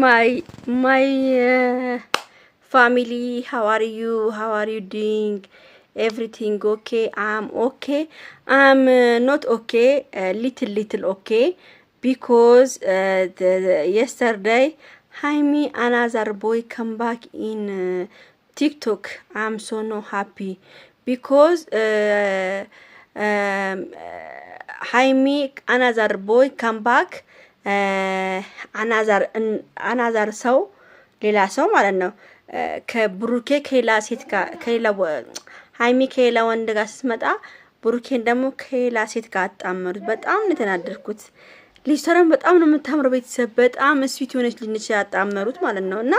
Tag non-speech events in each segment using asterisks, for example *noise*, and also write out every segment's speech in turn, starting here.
my my uh, family how are you how are you doing everything okay i'm okay i'm uh, not okay a little little okay because uh, the, the, yesterday Jaime another boy come back in uh, tiktok i'm so no happy because uh, um, uh, Jaime another boy come back አናዛር ሰው ሌላ ሰው ማለት ነው። ከብሩኬ ከሌላ ሴት ጋር ከሌላ ሀይሚ ከሌላ ወንድ ጋር ስትመጣ ብሩኬን ደግሞ ከሌላ ሴት ጋር አጣመሩት። በጣም ነው የተናደድኩት። ልጅቷ በጣም ነው የምታምረው። ቤተሰብ በጣም እስዊት የሆነች ልንች ያጣመሩት ማለት ነው። እና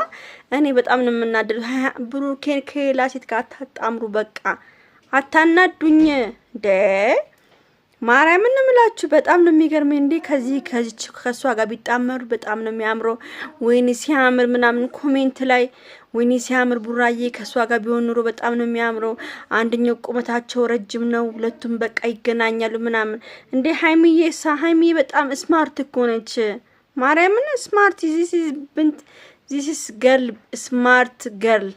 እኔ በጣም ነው የምናደዱት። ብሩኬን ከሌላ ሴት ጋር አታጣምሩ። በቃ አታናዱኝ እንዴ! ማርያምን እምላችሁ በጣም ነው የሚገርመኝ። እንዴ ከዚህ ከዚች ከእሷ ጋር ቢጣመሩ በጣም ነው የሚያምረው። ወይኔ ሲያምር ምናምን ኮሜንት ላይ ወይኔ ሲያምር ቡራዬ ከእሷ ጋር ቢሆን ኑሮ በጣም ነው የሚያምረው። አንደኛው ቁመታቸው ረጅም ነው፣ ሁለቱም በቃ ይገናኛሉ ምናምን። እንዴ ሀይሚዬ ሳ ሀይሚዬ በጣም ስማርት እኮ ነች። ማርያምን ስማርት ዚስ ብንት ዚስ ገርል ስማርት ገርል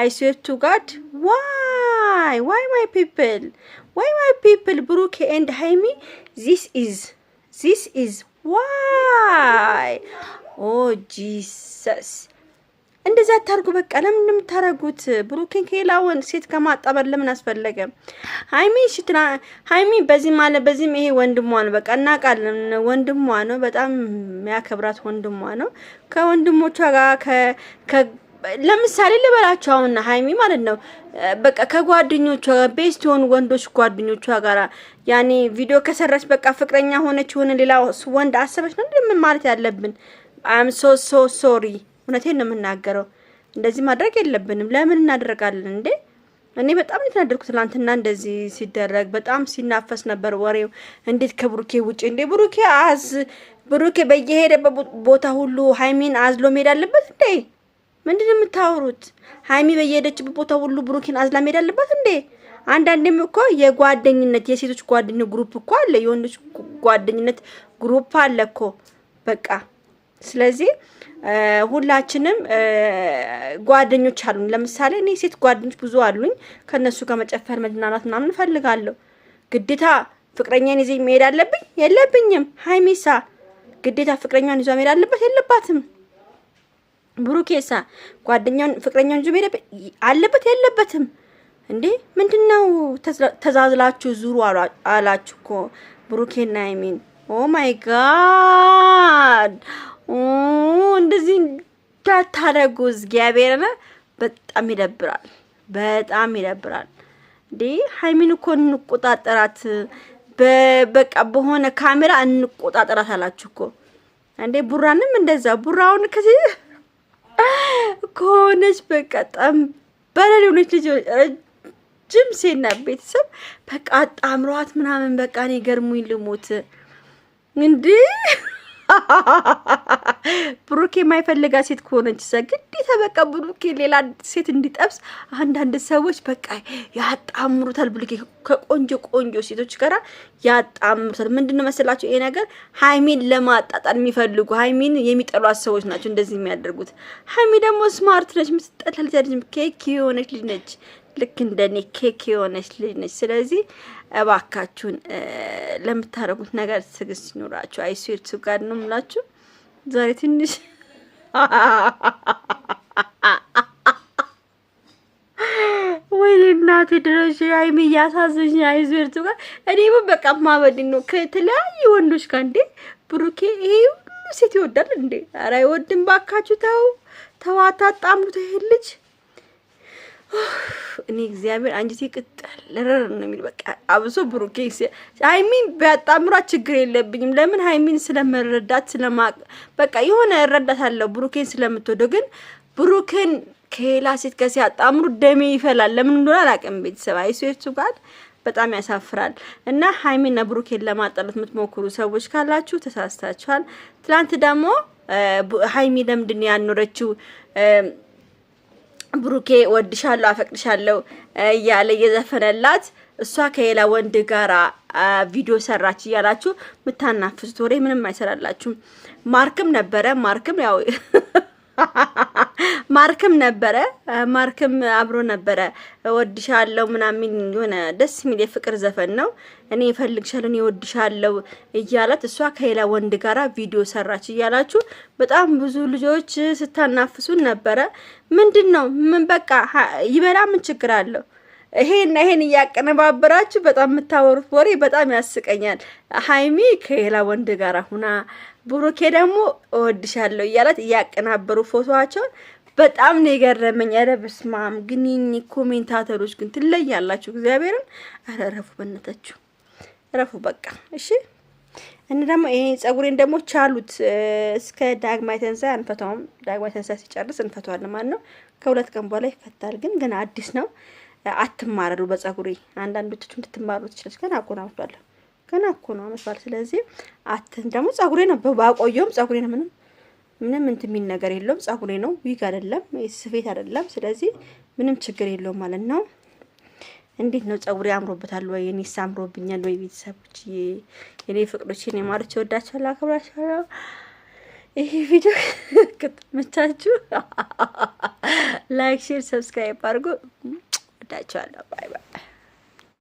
አይስዌር ቱ ጋድ ዋይ ዋይ ማይ ፒፕል ዋይ ማይ ፒፕል ብሩኬ ኤንድ ሃይሚ ዚስ ኢዝ ዚስ ኢዝ ዋይ ኦ ጂሰስ እንደዛ አታርጉ። በቃ ለምን እንደምታረጉት ብሩኬን ከሌላውን ሴት ከማጣበር ለምን አስፈለገ? ሃይሚ ሽትራ ሃይሚ በዚህ ማለ በዚህም ይሄ ወንድሟ ነው። በቃ እናውቃለን፣ ወንድሟ ነው። በጣም የሚያከብራት ወንድሟ ነው። ከወንድሞቿ ጋር ለምሳሌ ልበላቸው አሁን ሀይሚ ማለት ነው በቃ ከጓደኞቿ ጋር ቤስት የሆኑ ወንዶች ጓደኞቿ ጋር ያኔ ቪዲዮ ከሰራች በቃ ፍቅረኛ ሆነች ይሁን ሌላ ወንድ አሰበች ነው ምን ማለት ያለብን? አም ሶ ሶ ሶሪ። እውነቴን ነው የምናገረው። እንደዚህ ማድረግ የለብንም። ለምን እናደርጋለን እንዴ? እኔ በጣም ነው ትላንትና እንደዚህ ሲደረግ በጣም ሲናፈስ ነበር ወሬው። እንዴት ከብሩኬ ውጭ እንዴ? ብሩኬ አዝ ብሩኬ በየሄደበት ቦታ ሁሉ ሀይሚን አዝሎ መሄድ አለበት እንዴ? ምንድን የምታወሩት? ሀይሚ በየሄደችበት ቦታ ሁሉ ብሩኪን አዝላ መሄድ አለባት እንዴ? አንዳንዴም እኮ የጓደኝነት የሴቶች ጓደኝነት ግሩፕ እኮ አለ፣ የወንዶች ጓደኝነት ግሩፕ አለ እኮ በቃ። ስለዚህ ሁላችንም ጓደኞች አሉ ለምሳሌ እኔ ሴት ጓደኞች ብዙ አሉኝ። ከእነሱ ጋር መጨፈር፣ መዝናናት ምናምን እፈልጋለሁ። ግዴታ ፍቅረኛን ይዜ መሄድ አለብኝ? የለብኝም። ሀይሚሳ ግዴታ ፍቅረኛን ይዟ መሄድ አለበት? የለባትም። ብሩኬሳ ጓደኛውን ፍቅረኛውን ይዞ ሄደ አለበት የለበትም እንዴ? ነው ተዛዝላችሁ ዙሩ አላችሁ እኮ ብሩኬና አይሚን። ኦ ማይ ጋድ! እንደዚህ እንዳታደርጉ እግዚአብሔርን። በጣም ይደብራል፣ በጣም ይደብራል። እንዴ ሀይሚን እኮ እንቆጣጠራት፣ በቃ በሆነ ካሜራ እንቆጣጠራት አላችሁ እኮ እንዴ። ቡራንም እንደዛ ቡራውን ከዚህ ከሆነች በቃ ጠንበረል የሆነች ልጅ ረጅም ሴና ቤተሰብ በቃ አጣምሯት ምናምን በቃ እኔ ገርሙኝ ልሞት እንዲህ ብሩኬ የማይፈልጋ ሴት ከሆነች ሰ ግዴታ በቃ ብሩኬ ሌላ ሴት እንዲጠብስ አንዳንድ ሰዎች በቃ ያጣምሩታል። ብሩኬ ከቆንጆ ቆንጆ ሴቶች ጋራ ያጣምሩታል። ምንድን ነው መሰላቸው ይሄ ነገር ሀይሚን ለማጣጣል የሚፈልጉ ሀይሚን የሚጠሏት ሰዎች ናቸው እንደዚህ የሚያደርጉት። ሀይሚ ደግሞ ስማርት ነች፣ ምትጠላ ልጅ ኬክ የሆነች ልጅ ነች። ልክ እንደኔ ኬክ የሆነች ልጅ ነች። ስለዚህ እባካችሁን ለምታረጉት ነገር ትዕግስት ይኑራችሁ። አይስዌርቱ ጋር ነው ምላችሁ። ዛሬ ትንሽ *laughs* ወይ እናቴ ድረሽ አይሚ እያሳዘኝ አይስዌርቱ ጋር እኔ በቃ ማበድ ነው ከተለያዩ ወንዶች ጋር እንዴ ብሩኬ ይሄ ሁሉ ሴት ይወዳል እንዴ? ኧረ አይወድም። ባካችሁ ተው ተዋታ ጣምሩት ይሄ ልጅ እኔ እግዚአብሔር አንጀቴ ቅጠል ለረር ነው የሚል በቃ አብሶ ብሩኬ ሀይሚን ቢያጣምሯ ችግር የለብኝም። ለምን ሀይሚን ስለመረዳት ስለማቅ በቃ የሆነ እረዳት አለው ብሩኬን ስለምትወደው። ግን ብሩኬን ከሌላ ሴት ከሴ አጣምሩ ደሜ ይፈላል። ለምን እንደሆነ አላውቅም። ቤተሰብ አይሶቱ ጋር በጣም ያሳፍራል። እና ሀይሚና ብሩኬን ለማጣላት የምትሞክሩ ሰዎች ካላችሁ ተሳስታችኋል። ትላንት ደግሞ ሀይሚ ለምንድን ያኖረችው ብሩኬ ወድሻለሁ አፈቅድሻለሁ እያለ እየዘፈነላት እሷ ከሌላ ወንድ ጋራ ቪዲዮ ሰራች እያላችሁ የምታናፍሱት ወሬ ምንም አይሰራላችሁም። ማርክም ነበረ ማርክም ያው *laughs* ማርክም ነበረ ማርክም አብሮ ነበረ። እወድሻለሁ ምናምን የሆነ ደስ የሚል የፍቅር ዘፈን ነው። እኔ እፈልግሻለሁ፣ እኔ እወድሻለሁ እያላት እሷ ከሌላ ወንድ ጋር ቪዲዮ ሰራች እያላችሁ በጣም ብዙ ልጆች ስታናፍሱን ነበረ። ምንድን ነው ምን በቃ ይበላ ምን ችግር አለው? ይሄና ይሄን እያቀነባበራችሁ በጣም የምታወሩት ወሬ በጣም ያስቀኛል። ሀይሚ ከሌላ ወንድ ጋር ሁና ብሩኬ ደግሞ እወድሻለሁ እያላት እያቀናበሩ ፎቶዋቸውን በጣም ነው የገረመኝ። ኧረ በስመ አብ ግን ኮሜንታተሮች ግን ትለያላችሁ። እግዚአብሔርን ኧረ እረፉ፣ በእናታችሁ እረፉ። በቃ እሺ። እኔ ደግሞ ይሄ ጸጉሬን ደግሞ ቻሉት እስከ ዳግማይ ትንሣኤ አንፈታውም። ዳግማይ ትንሣኤ ሲጨርስ እንፈታዋለን ማለት ነው። ከሁለት ቀን በኋላ ይፈታል። ግን ገና አዲስ ነው። አትማረሩ በጸጉሬ። አንዳንዶቻችሁ እንድትማሩ ትችላለች። ገና እኮ ነው አመት ባለ ገና እኮ ነው አመት ስለዚህ አት ደግሞ ጸጉሬ ነው ባቆየውም ጸጉሬ ነው ምንም ምንም እንትን የሚል ነገር የለውም። ጸጉሬ ነው ዊግ አይደለም ስፌት አይደለም። ስለዚህ ምንም ችግር የለውም ማለት ነው። እንዴት ነው ጸጉሬ አምሮበታል ወይ? እኔስ አምሮብኛል ወይ? ቤተሰቦች፣ የኔ ፍቅዶች፣ የኔ ማሮች እወዳቸዋለሁ፣ አከብራቸዋለሁ። ይሄ ቪዲዮ ከተመቻችሁ *laughs* *laughs* ላይክ፣ ሼር፣ ሰብስክራይብ አድርጉ። ወዳችኋለሁ። ባይ ባይ።